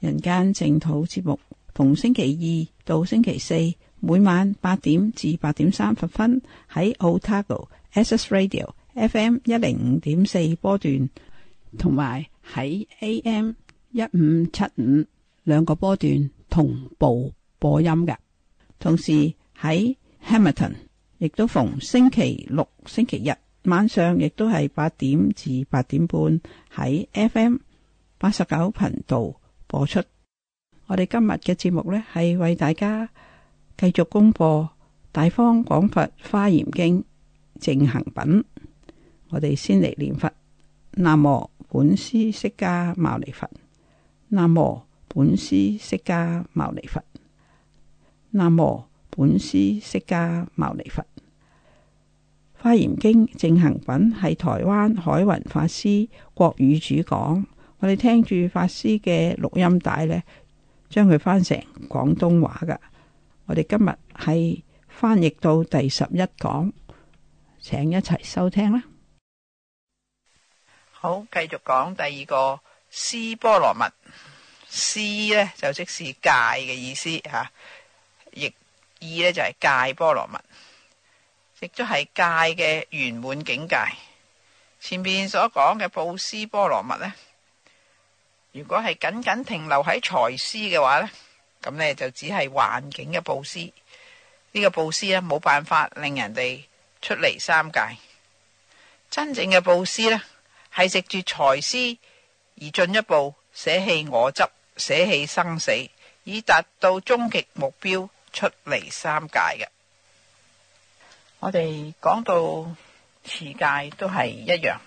人間淨土節目，逢星期二到星期四，每晚八點至八點三十分喺 Otago S S Radio F M 一零五點四波段，同埋喺 A M 一五七五兩個波段同步播音嘅。同時喺 Hamilton 亦都逢星期六、星期日晚上是，亦都係八點至八點半喺 F M 八十九頻道。播出我哋今日嘅節目呢，係為大家繼續公布《大方廣佛花嚴經正行品》。我哋先嚟念佛：南無本師釋迦牟尼佛，南無本師釋迦牟尼佛，南無本師釋迦牟尼佛。尼佛《花嚴經正行品》係台灣海雲法師國語主講。我哋聽住法師嘅錄音帶呢，將佢翻成廣東話噶。我哋今日係翻譯到第十一講，請一齊收聽啦。好，繼續講第二個斯波羅蜜。斯呢，就即是戒嘅意思吓，亦、啊、意呢就係、是、戒波羅蜜，都係戒嘅圓滿境界。前面所講嘅布斯波羅蜜呢。如果係僅僅停留喺財施嘅話呢，咁呢就只係環境嘅布施，呢、這個布施呢，冇辦法令人哋出離三界。真正嘅布施呢，係藉住財施而進一步捨棄我執、捨棄生死，以達到終極目標出離三界嘅。我哋講到持戒都係一樣。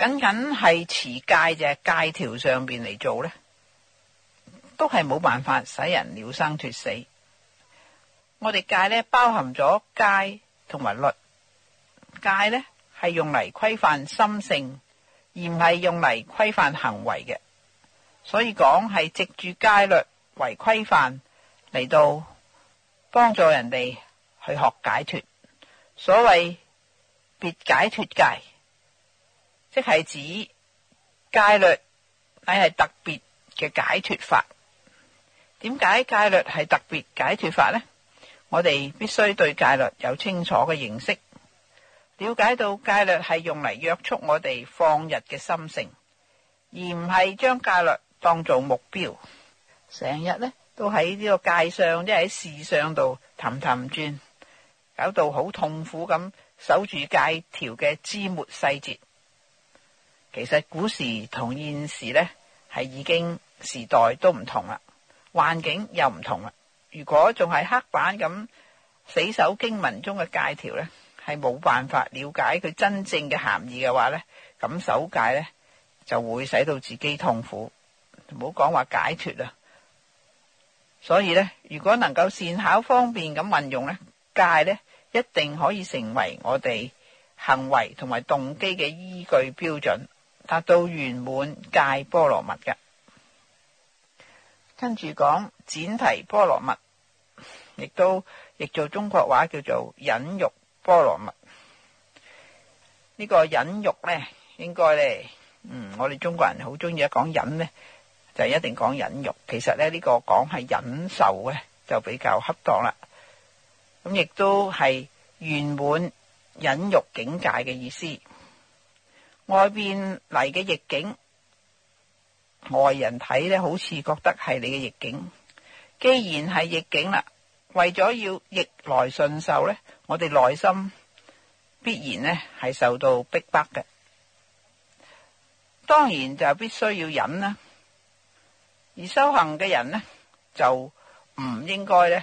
僅僅係持戒嘅，戒條上邊嚟做呢，都係冇辦法使人了生脱死。我哋戒呢，包含咗戒同埋律，戒呢係用嚟規範心性，而唔係用嚟規範行為嘅。所以講係藉住戒律為規範嚟到幫助人哋去學解脱。所謂別解脱戒。即係指戒律，乃係特別嘅解脱法。點解戒律係特別解脱法呢？我哋必須對戒律有清楚嘅認識，了解到戒律係用嚟約束我哋放日嘅心性，而唔係將戒律當做目標，成日呢都喺呢個戒上，即係喺事上度氹氹轉，搞到好痛苦咁守住戒條嘅枝末細節。其實古時同現時呢，係已經時代都唔同啦，環境又唔同啦。如果仲係黑板咁死守經文中嘅戒條呢，係冇辦法了解佢真正嘅含義嘅話呢，咁守戒呢，就會使到自己痛苦，唔好講話解脱啦。所以呢，如果能夠善巧方便咁運用呢，戒呢，一定可以成為我哋行為同埋動機嘅依據標準。達到圓滿戒波羅蜜嘅，跟住講剪提波羅蜜，亦都譯做中國話叫做忍辱波羅蜜。呢個忍辱呢，應該呢，嗯，我哋中國人好中意一講忍呢，就一定講忍辱。其實呢，呢個講係忍受嘅，就比較恰當啦。咁亦都係圓滿忍辱境界嘅意思。外邊嚟嘅逆境，外人睇呢，好似覺得係你嘅逆境。既然係逆境啦，為咗要逆來順受呢，我哋內心必然呢係受到逼迫嘅。當然就必須要忍啦。而修行嘅人呢，就唔應該呢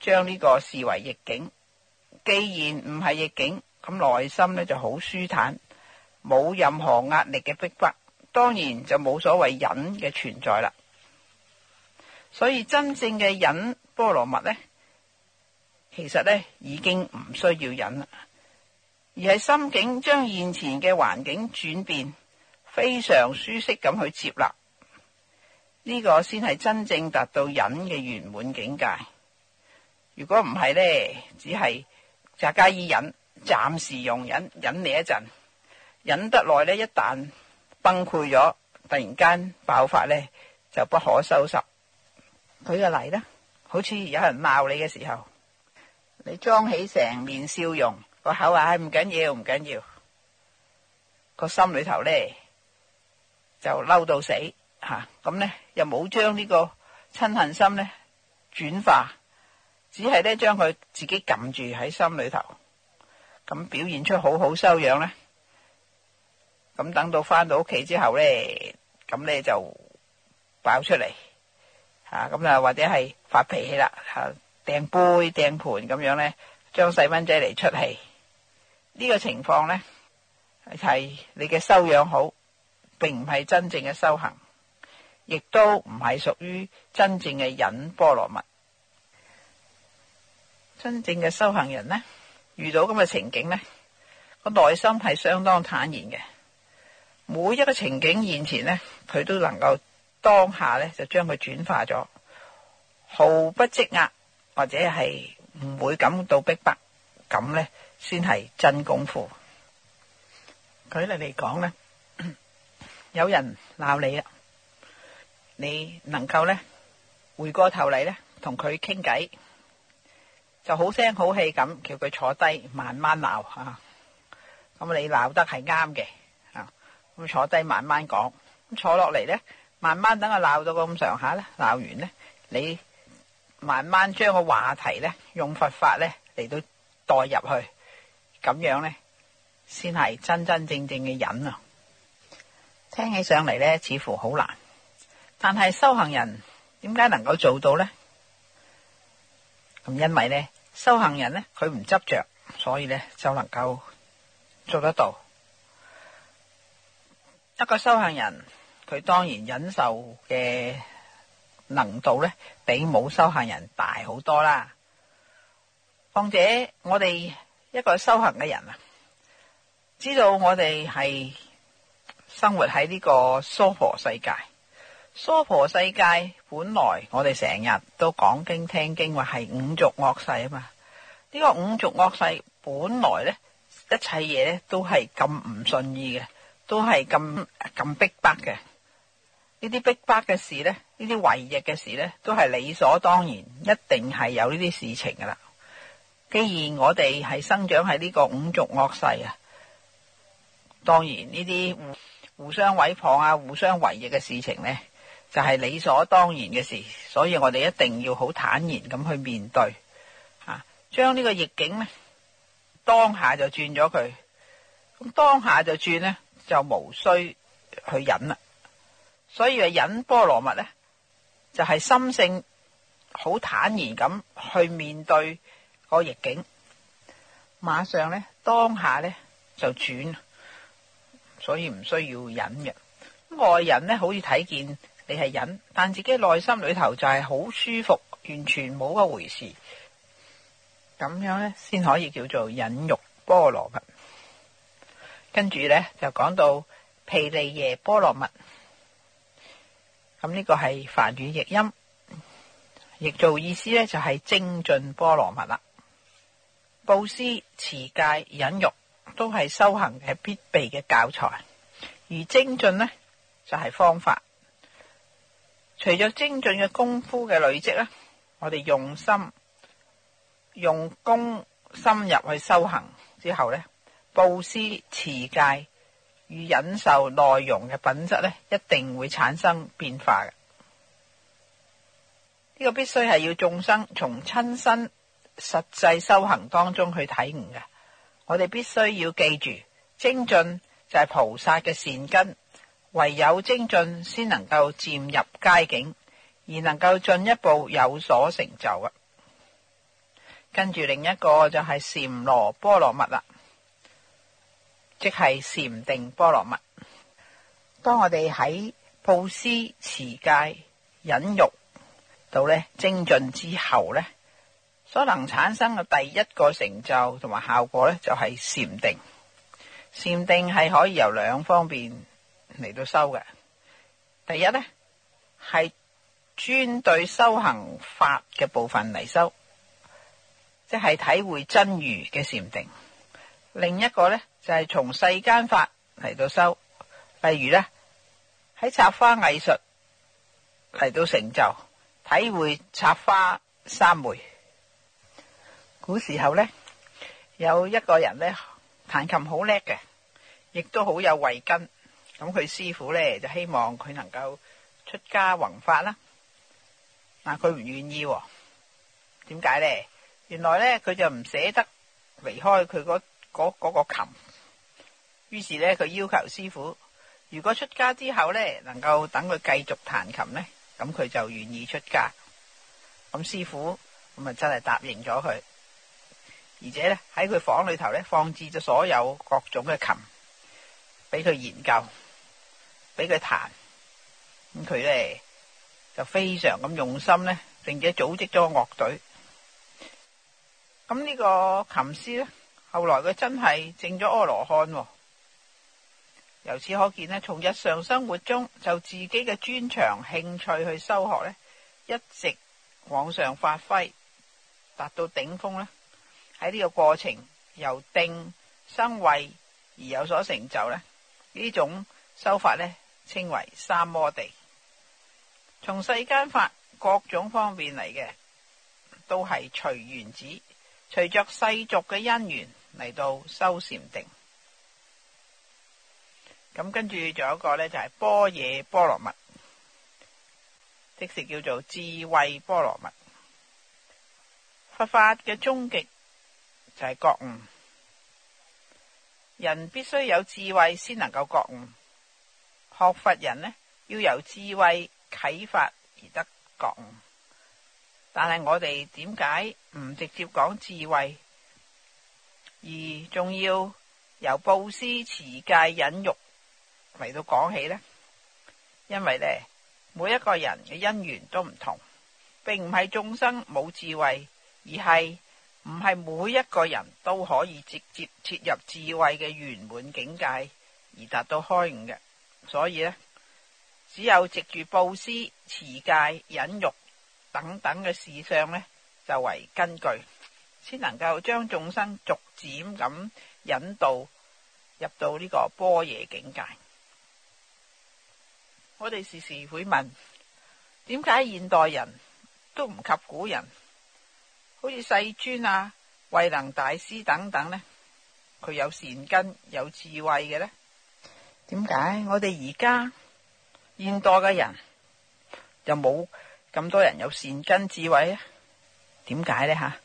將呢個視為逆境。既然唔係逆境，咁內心呢就好舒坦。冇任何壓力嘅逼迫，當然就冇所謂忍嘅存在啦。所以真正嘅忍菠蘿蜜呢，其實呢已經唔需要忍啦，而係心境將現前嘅環境轉變非常舒適咁去接納呢個，先係真正達到忍嘅圓滿境界。如果唔係呢，只係就加以忍，暫時用忍忍你一陣。忍得耐咧，一旦崩潰咗，突然間爆發咧，就不可收拾。舉個例啦，好似有人鬧你嘅時候，你裝起成面笑容，個口話唔緊要，唔緊要，個心裏頭咧就嬲到死吓。咁咧又冇將呢個親恨心咧轉化，只係咧將佢自己撳住喺心裏頭，咁表現出好好修養咧。咁等到翻到屋企之後咧，咁你就爆出嚟吓，咁啊或者係發脾氣啦，吓、啊、掟杯掟盤咁樣咧，將細蚊仔嚟出氣。呢、這個情況咧係你嘅修養好，並唔係真正嘅修行，亦都唔係屬於真正嘅忍波羅蜜。真正嘅修行人咧，遇到咁嘅情景咧，個內心係相當坦然嘅。每一個情景現前呢，佢都能夠當下呢，就將佢轉化咗，毫不積壓或者係唔會感到逼迫，咁呢，先係真功夫。舉例嚟講呢，有人鬧你啦，你能夠呢，回過頭嚟呢，同佢傾偈就好聲好氣咁叫佢坐低慢慢鬧啊，咁你鬧得係啱嘅。咁坐低慢慢講，咁坐落嚟呢，慢慢等佢鬧到咁上下呢，鬧完呢，你慢慢將個話題呢，用佛法呢嚟到代入去，咁樣呢，先係真真正正嘅忍啊！聽起上嚟呢，似乎好難，但係修行人點解能夠做到呢？咁因為呢，修行人呢，佢唔執着，所以呢就能夠做得到。一個修行人，佢當然忍受嘅能度咧，比冇修行人大好多啦。況且我哋一個修行嘅人啊，知道我哋係生活喺呢個娑婆世界。娑婆世界本來我哋成日都講經聽經，話係五濁惡世啊嘛。呢、這個五濁惡世本來咧，一切嘢咧都係咁唔順意嘅。都係咁咁逼迫嘅，呢啲逼迫嘅事呢，呢啲違逆嘅事呢，都係理所當然，一定係有呢啲事情噶啦。既然我哋係生長喺呢個五族惡世啊，當然呢啲互互相毀謗啊、互相違逆嘅事情呢，就係、是、理所當然嘅事，所以我哋一定要好坦然咁去面對，將、啊、將呢個逆境呢當下就轉咗佢，咁當下就轉呢。就無需去忍啦，所以忍菠蘿蜜咧，就係心性好坦然咁去面對個逆境，馬上咧當下咧就轉，所以唔需要忍嘅。外人咧好似睇見你係忍，但自己內心裏頭就係好舒服，完全冇一回事。咁樣咧先可以叫做忍辱菠蘿蜜。跟住呢，就講到毗梨耶波羅蜜，咁、這、呢個係梵語譯音，譯做意思呢，就係精進波羅蜜啦。布施、持戒、忍辱都係修行嘅必備嘅教材，而精進呢，就係、是、方法。隨着精進嘅功夫嘅累積呢，我哋用心用功深入去修行之後呢。布施、持戒與忍受內容嘅品質呢，一定會產生變化嘅。呢個必須係要眾生從親身實際修行當中去體悟嘅。我哋必須要記住，精進就係菩薩嘅善根，唯有精進先能夠漸入佳境，而能夠進一步有所成就啊。跟住另一個就係禪羅波羅蜜啦。即係禪定波羅蜜。當我哋喺布施、持戒、忍辱，到呢精進之後呢，所能產生嘅第一個成就同埋效果呢，就係禪定。禪定係可以由兩方面嚟到修嘅。第一呢係專對修行法嘅部分嚟修，即係體會真如嘅禪定。另一個呢。就係從世間法嚟到修，例如咧喺插花藝術嚟到成就，體會插花三昧。古時候咧，有一個人咧彈琴好叻嘅，亦都好有慧根。咁佢師傅咧就希望佢能夠出家弘法啦。但，佢唔願意，點解咧？原來咧佢就唔捨得離開佢嗰嗰嗰個琴。於是呢，佢要求師傅如果出家之後呢，能夠等佢繼續彈琴呢，咁佢就願意出家。咁師傅咁啊，真係答應咗佢。而且呢，喺佢房裏頭呢，放置咗所有各種嘅琴，俾佢研究，俾佢彈。咁佢呢，就非常咁用心呢，並且組織咗個樂隊。咁呢個琴師呢，後來佢真係證咗阿羅漢。由此可見從日常生活中就自己嘅專長興趣去修學一直往上發揮，達到頂峰咧。喺呢個過程由定生慧而有所成就咧，呢種修法稱為三摩地。從世間法各種方面嚟嘅，都係隨緣子，隨着世俗嘅因緣嚟到修禪定。咁跟住仲有一個呢，就係般若波羅蜜，即是叫做智慧波羅蜜。佛法嘅終極就係覺悟，人必須有智慧先能夠覺悟。學佛人呢，要由智慧啟發而得覺悟，但係我哋點解唔直接講智慧，而仲要由布施、持戒、忍辱？嚟到講起呢，因為呢每一個人嘅因緣都唔同，並唔係眾生冇智慧，而係唔係每一個人都可以直接切入智慧嘅圓滿境界而達到開悟嘅。所以呢，只有藉住布施、持戒、忍辱等等嘅事相呢，就為根據，先能夠將眾生逐漸咁引導入到呢個般若境界。我哋時時會問：點解現代人都唔及古人？好似世尊啊、慧能大師等等呢，佢有善根、有智慧嘅呢。點解我哋而家現代嘅人又冇咁多人有善根、智慧呢？點解呢？吓，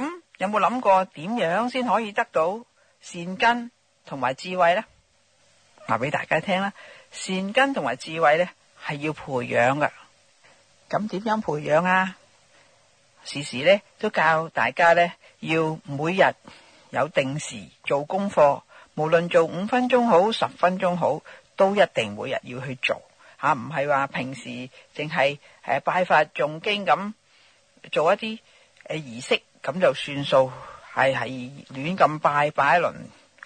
咁有冇諗過點樣先可以得到善根同埋智慧呢？話俾大家聽啦。善根同埋智慧呢，係要培養噶，咁點樣培養啊？時時呢，都教大家呢，要每日有定時做功課，無論做五分鐘好，十分鐘好，都一定每日要去做吓，唔係話平時淨係誒拜佛誦經咁做一啲誒儀式咁就算數，係係亂咁拜拜一輪。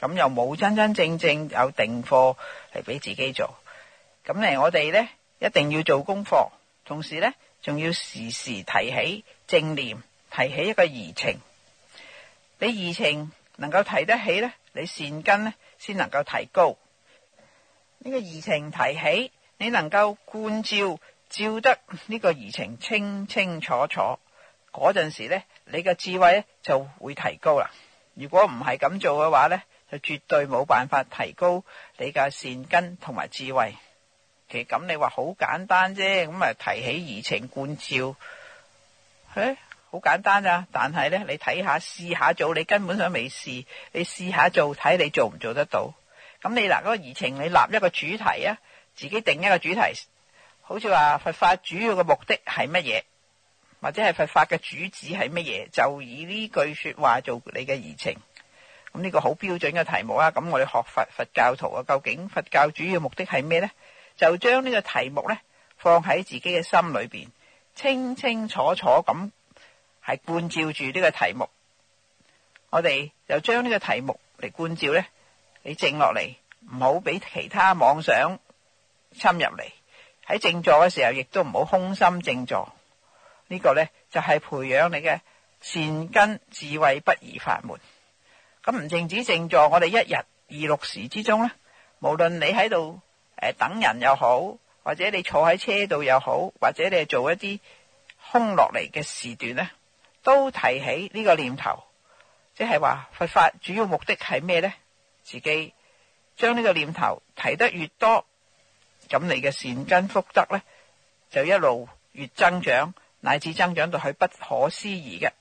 咁又冇真真正正有定課嚟俾自己做，咁嚟我哋呢，一定要做功課，同時呢，仲要時時提起正念，提起一個疑情。你疑情能夠提得起呢，你善根呢先能夠提高，呢個疑情提起。你能夠觀照照得呢個疑情清清楚楚，嗰陣時呢，你嘅智慧呢就會提高啦。如果唔係咁做嘅話呢，就絕對冇辦法提高你嘅善根同埋智慧。其實咁你話好簡單啫，咁啊提起疑情觀照，欸、好簡單咋，啊。但係呢，你睇下試下做，你根本上未試。你試下做，睇你做唔做得到。咁你嗱嗰、嗰個疑情，你立一個主題啊，自己定一個主題，好似話佛法主要嘅目的係乜嘢，或者係佛法嘅主旨係乜嘢，就以呢句説話做你嘅疑情。咁呢個好標準嘅題目啊！咁我哋學佛佛教徒啊，究竟佛教主要目的係咩呢？就將呢個題目呢，放喺自己嘅心裏邊，清清楚楚咁係觀照住呢個題目。我哋就將呢個題目嚟觀照呢，你靜落嚟唔好俾其他妄想侵入嚟喺靜坐嘅時候，亦都唔好空心靜坐。呢個呢，就係培養你嘅善根智慧，不疑法門。咁唔淨止靜坐，我哋一日二六時之中咧，無論你喺度誒等人又好，或者你坐喺車度又好，或者你係做一啲空落嚟嘅時段咧，都提起呢個念頭，即係話佛法主要目的係咩咧？自己將呢個念頭提得越多，咁你嘅善根福德咧就一路越增長，乃至增長到係不可思議嘅。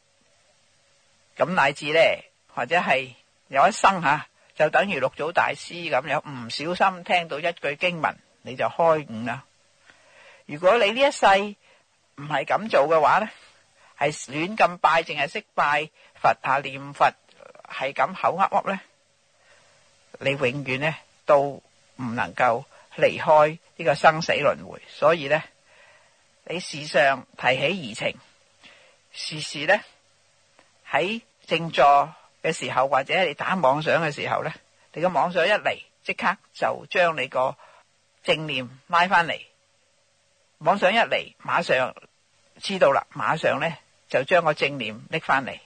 咁乃至咧。或者係有一生吓，啊，就等於六祖大師咁樣，唔小心聽到一句經文，你就開悟啦。如果你呢一世唔係咁做嘅話呢，係亂咁拜，淨係識拜佛下，啊，念佛係咁口噏噏呢，你永遠呢都唔能夠離開呢個生死輪迴。所以呢，你事上提起疑情，時時呢喺靜坐。嘅時候，或者你打妄想嘅時候呢，你個妄想一嚟，即刻就將你個正念拉翻嚟。妄想一嚟，馬上知道啦，馬上呢就將個正念拎翻嚟。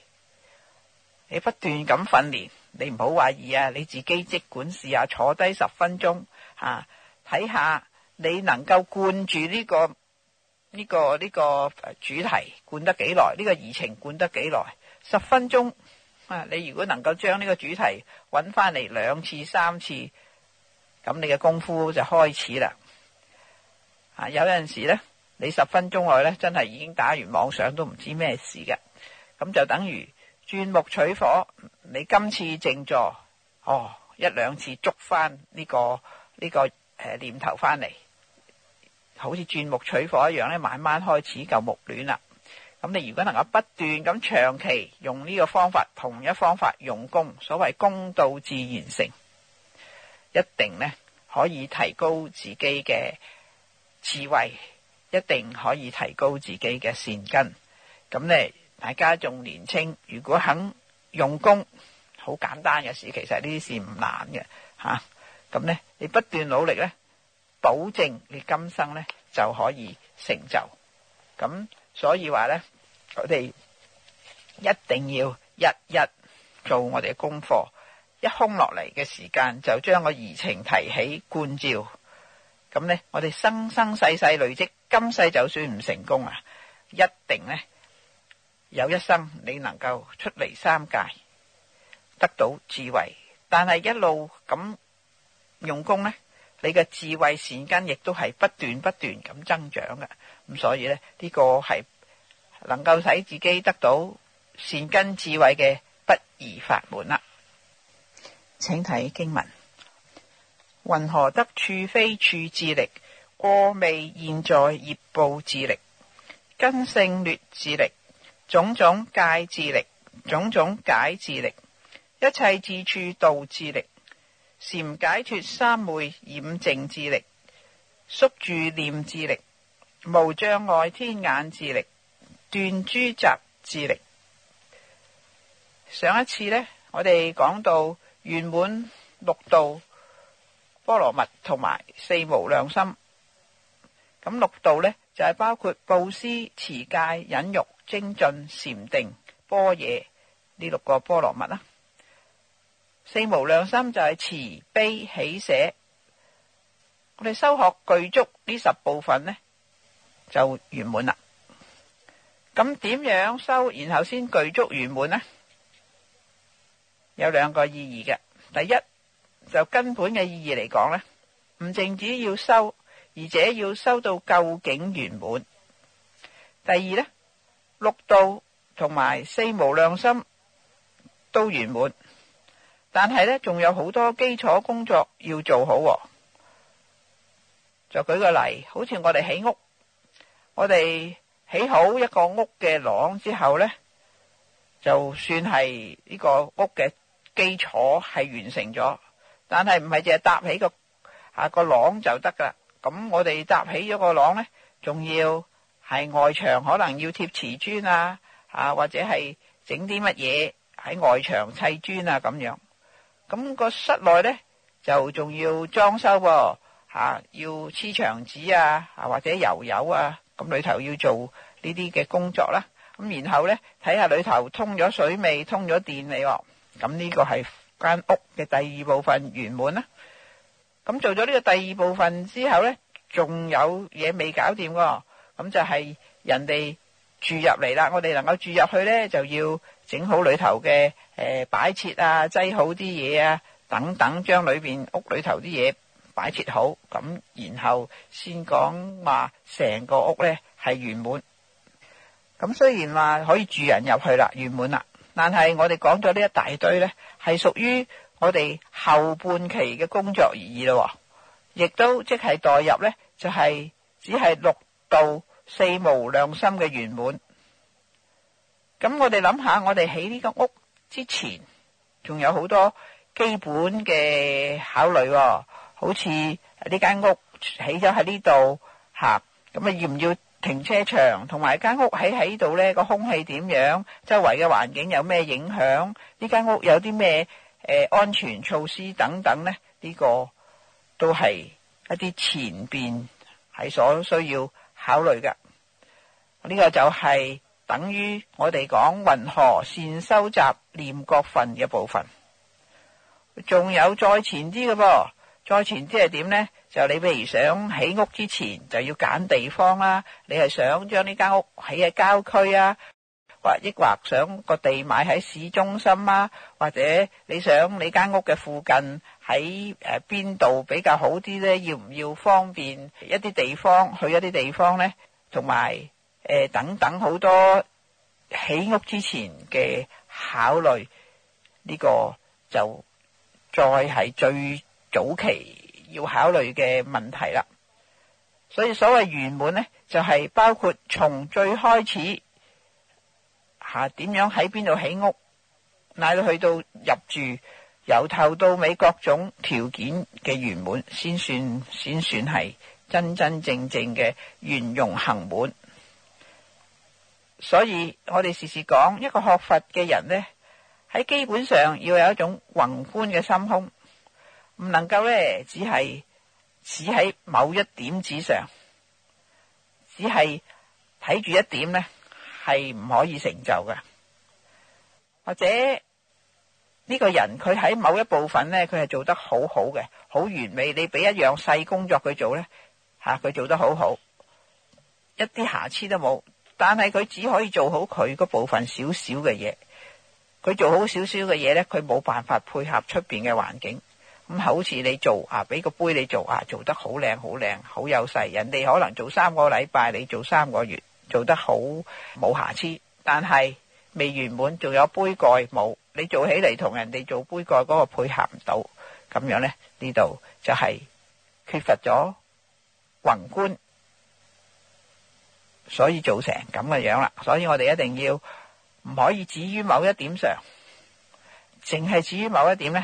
你不斷咁訓練，你唔好懷疑啊！你自己即管試下坐低十分鐘啊，睇下你能夠灌住呢個呢個呢個主題，灌得幾耐？呢個儀情灌得幾耐？十分鐘。啊！你如果能夠將呢個主題揾翻嚟兩次、三次，咁你嘅功夫就開始啦。啊！有陣時呢，你十分鐘內呢，真係已經打完妄想都唔知咩事嘅，咁就等於鑽木取火。你今次靜坐，哦，一兩次捉翻呢個呢個呃念頭翻嚟，好似鑽木取火一樣呢，慢慢開始就木暖啦。咁你如果能夠不斷咁長期用呢個方法，同一方法用功，所謂功到自然成，一定呢可以提高自己嘅智慧，一定可以提高自己嘅善根。咁你大家仲年輕，如果肯用功，好簡單嘅事，其實呢啲事唔難嘅吓。咁，啊，呢你不斷努力呢，保證你今生呢就可以成就。咁所以話呢。我哋一定要日日做我哋嘅功課，一空落嚟嘅時間就將個疑情提起觀照。咁呢，我哋生生世世累積，今世就算唔成功啊，一定呢有一生你能夠出離三界，得到智慧。但係一路咁用功呢，你嘅智慧善根亦都係不斷不斷咁增長嘅。咁所以呢，呢個係。能夠使自己得到善根智慧嘅不二法門啦，請睇經文。雲何得處非處智力？過未現在業報智力，根性劣智力，種種界智力，種種解智力，一切智處道智力，禪解脫三昧染淨智力，宿住念智力，無障礙天眼智力。斷諸雜智力。上一次呢，我哋講到圓滿六度波羅蜜同埋四無量心。咁六度呢，就係、是、包括布施、持戒、忍辱、精進、禪定、般若呢六個波羅蜜啦。四無量心就係慈悲、喜捨。我哋修學具足呢十部分呢，就圓滿啦。咁點樣修，然後先具足圓滿呢？有兩個意義嘅，第一就根本嘅意義嚟講呢，唔淨止要修，而且要修到究竟圓滿。第二呢，六度同埋四無量心都圓滿，但係呢仲有好多基礎工作要做好。就舉個例，好似我哋起屋，我哋。起好一個屋嘅廊之後呢，就算係呢個屋嘅基礎係完成咗，但係唔係淨係搭起個啊個廊就得噶啦。咁我哋搭起咗個廊呢，仲要係外牆可能要貼瓷磚啊，啊或者係整啲乜嘢喺外牆砌磚啊咁樣。咁個室內呢，就仲要裝修喎，啊，吓，啊，要黐牆紙啊，啊或者油油啊。咁裏頭要做呢啲嘅工作啦，咁然後呢，睇下裏頭通咗水未，通咗電未？咁呢個係間屋嘅第二部分圓滿啦。咁做咗呢個第二部分之後呢，仲有嘢未搞掂噶，咁就係人哋住入嚟啦。我哋能夠住入去呢，就要整好裏頭嘅誒擺設啊，擠好啲嘢啊，等等，將裏邊屋裏頭啲嘢。擺設好咁，然後先講話成個屋呢係圓滿。咁雖然話可以住人入去啦，圓滿啦，但係我哋講咗呢一大堆呢，係屬於我哋後半期嘅工作而已咯，亦都即係代入呢，就係只係六度四無量心嘅圓滿。咁我哋諗下，我哋起呢個屋之前，仲有好多基本嘅考慮。好似呢間屋起咗喺呢度嚇，咁啊要唔要停車場？同埋間屋喺喺度咧，個空氣點樣？周圍嘅環境有咩影響？呢間屋有啲咩誒安全措施等等咧？呢個都係一啲前邊係所需要考慮嘅。呢個就係等於我哋講雲河線收集廉國份嘅部分，仲有再前啲嘅噃。再前啲係點呢？就你譬如想起屋之前就要揀地方啦。你係想將呢間屋起喺郊區啊，或抑或想個地買喺市中心啊，或者你想你間屋嘅附近喺呃邊度比較好啲呢？要唔要方便一啲地方去一啲地方呢？同埋、呃、等等好多起屋之前嘅考慮，呢、這個就再係最早期要考慮嘅問題啦，所以所謂圓滿呢，就係、是、包括從最開始吓點、啊、樣喺邊度起屋，乃至去到入住，由頭到尾各種條件嘅圓滿，先算先算係真真正正嘅圓融行滿。所以我哋時時講一個學佛嘅人呢，喺基本上要有一種宏觀嘅心胸。唔能夠呢，只係只喺某一點之上，只係睇住一點呢，係唔可以成就嘅。或者呢個人佢喺某一部分呢，佢係做得好好嘅，好完美。你俾一樣細工作佢做呢，佢做得好好，一啲瑕疵都冇。但係佢只可以做好佢嗰部分少少嘅嘢，佢做好少少嘅嘢呢，佢冇辦法配合出面嘅環境。咁好似你做啊，俾個杯你做啊，做得好靚好靚好有勢，人哋可能做三個禮拜，你做三個月做得好冇瑕疵，但係未圓滿，仲有杯蓋冇，你做起嚟同人哋做杯蓋嗰個配合唔到，咁樣呢，呢度就係缺乏咗宏觀，所以做成咁嘅樣啦。所以我哋一定要唔可以止於某一點上，淨係止於某一點呢。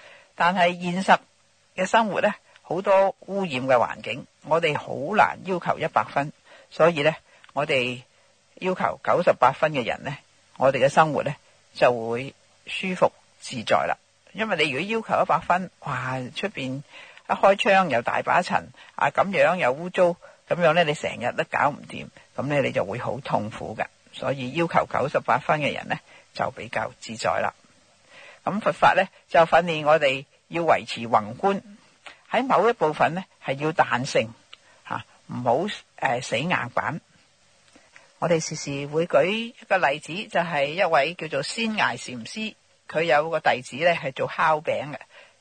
但係現實嘅生活呢，好多污染嘅環境，我哋好難要求一百分，所以呢，我哋要求九十八分嘅人呢，我哋嘅生活呢就會舒服自在啦。因為你如果要求一百分，哇，出邊一開窗又大把塵，啊咁樣又污糟，咁樣呢，你成日都搞唔掂，咁呢，你就會好痛苦噶。所以要求九十八分嘅人呢，就比較自在啦。咁佛法呢，就訓練我哋。要維持宏觀，喺某一部分呢係要彈性嚇，唔好誒死硬板。我哋時時會舉一個例子，就係一位叫做仙崖禪師，佢有個弟子呢係做烤餅嘅，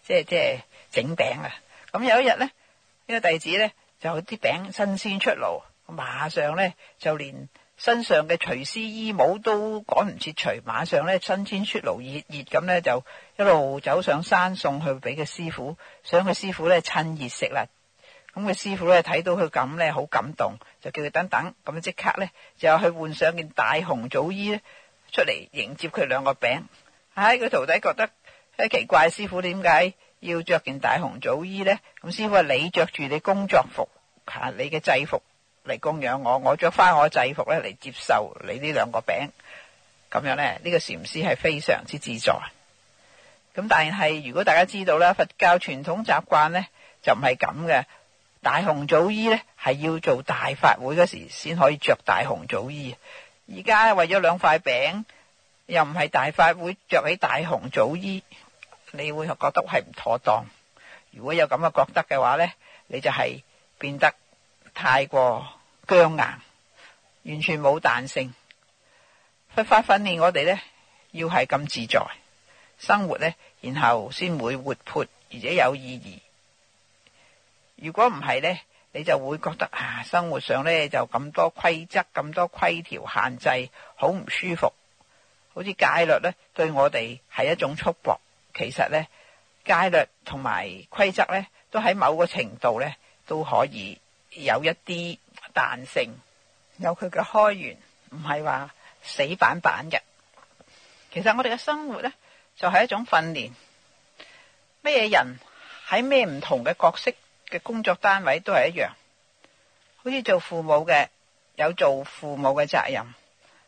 即係即係整餅啊！咁有一日呢，呢呢個弟子呢就啲餅新鮮出爐，馬上呢就連，身上嘅廚師衣帽都趕唔切除，馬上咧新鮮出爐熱熱咁咧，就一路走上山送去俾佢師傅，想佢師傅咧趁熱食啦。咁佢師傅咧睇到佢咁咧好感動，就叫佢等等。咁即刻咧就去換上件大紅祖衣咧出嚟迎接佢兩個餅。唉、哎，個徒弟覺得好奇怪，師傅點解要着件大紅祖衣咧？咁師傅話，你着住你工作服吓，你嘅制服。嚟供養我，我着翻我制服咧嚟接受你呢兩個餅，咁樣呢，呢個禪師係非常之自在。咁但係如果大家知道咧佛教傳統習慣呢，就唔係咁嘅，大紅祖衣呢，係要做大法會嗰時先可以着大紅祖衣。而家為咗兩塊餅，又唔係大法會着起大紅祖衣，你會覺得係唔妥當。如果有咁嘅覺得嘅話呢，你就係變得。太過僵硬，完全冇彈性。佛法訓練我哋呢，要係咁自在生活呢，然後先會活潑而且有意義。如果唔係呢，你就會覺得啊，生活上呢，就咁多規則、咁多規條限制，好唔舒服，好似戒律呢，對我哋係一種束縛。其實呢，戒律同埋規則呢，都喺某個程度呢，都可以。有一啲彈性，有佢嘅開源，唔係話死板板嘅。其實我哋嘅生活呢，就係一種訓練。乜嘢人喺咩唔同嘅角色嘅工作單位都係一樣。好似做父母嘅有做父母嘅責任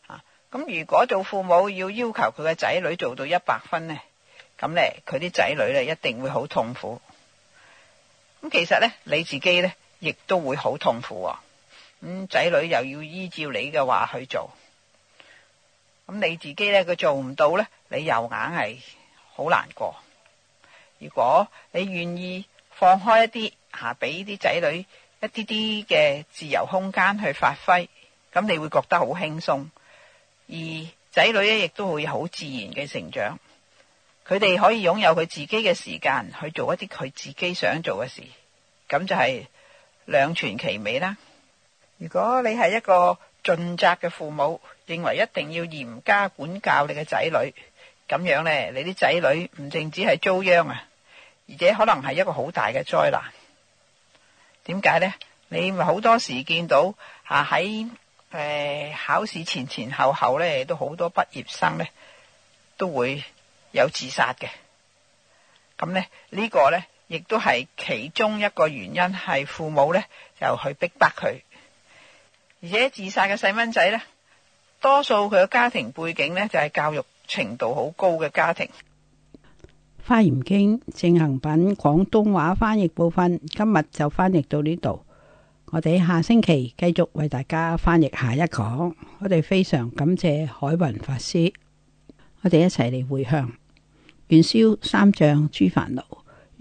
啊。咁如果做父母要要求佢嘅仔女做到一百分呢，咁呢，佢啲仔女呢，一定會好痛苦。咁其實呢，你自己呢。亦都會好痛苦，咁仔女又要依照你嘅話去做，咁你自己呢？佢做唔到呢？你又硬係好難過。如果你願意放開一啲吓，俾啲仔女一啲啲嘅自由空間去發揮，咁你會覺得好輕鬆，而仔女咧亦都會好自然嘅成長。佢哋可以擁有佢自己嘅時間去做一啲佢自己想做嘅事，咁就係。兩全其美啦！如果你係一個盡責嘅父母，認為一定要嚴加管教你嘅仔女，咁樣呢，你啲仔女唔淨止係遭殃啊，而且可能係一個好大嘅災難。點解呢？你咪好多時見到啊，喺誒，考試前前後後呢，都好多畢業生呢都會有自殺嘅。咁呢，呢、呢個呢。亦都係其中一個原因，係父母呢就去逼迫佢。而且自殺嘅細蚊仔呢，多數佢嘅家庭背景呢，就係、是、教育程度好高嘅家庭。《華嚴經淨行品》廣東話翻譯部分，今日就翻譯到呢度。我哋下星期繼續為大家翻譯下一講。我哋非常感謝海雲法師，我哋一齊嚟回向，願消三障諸煩惱，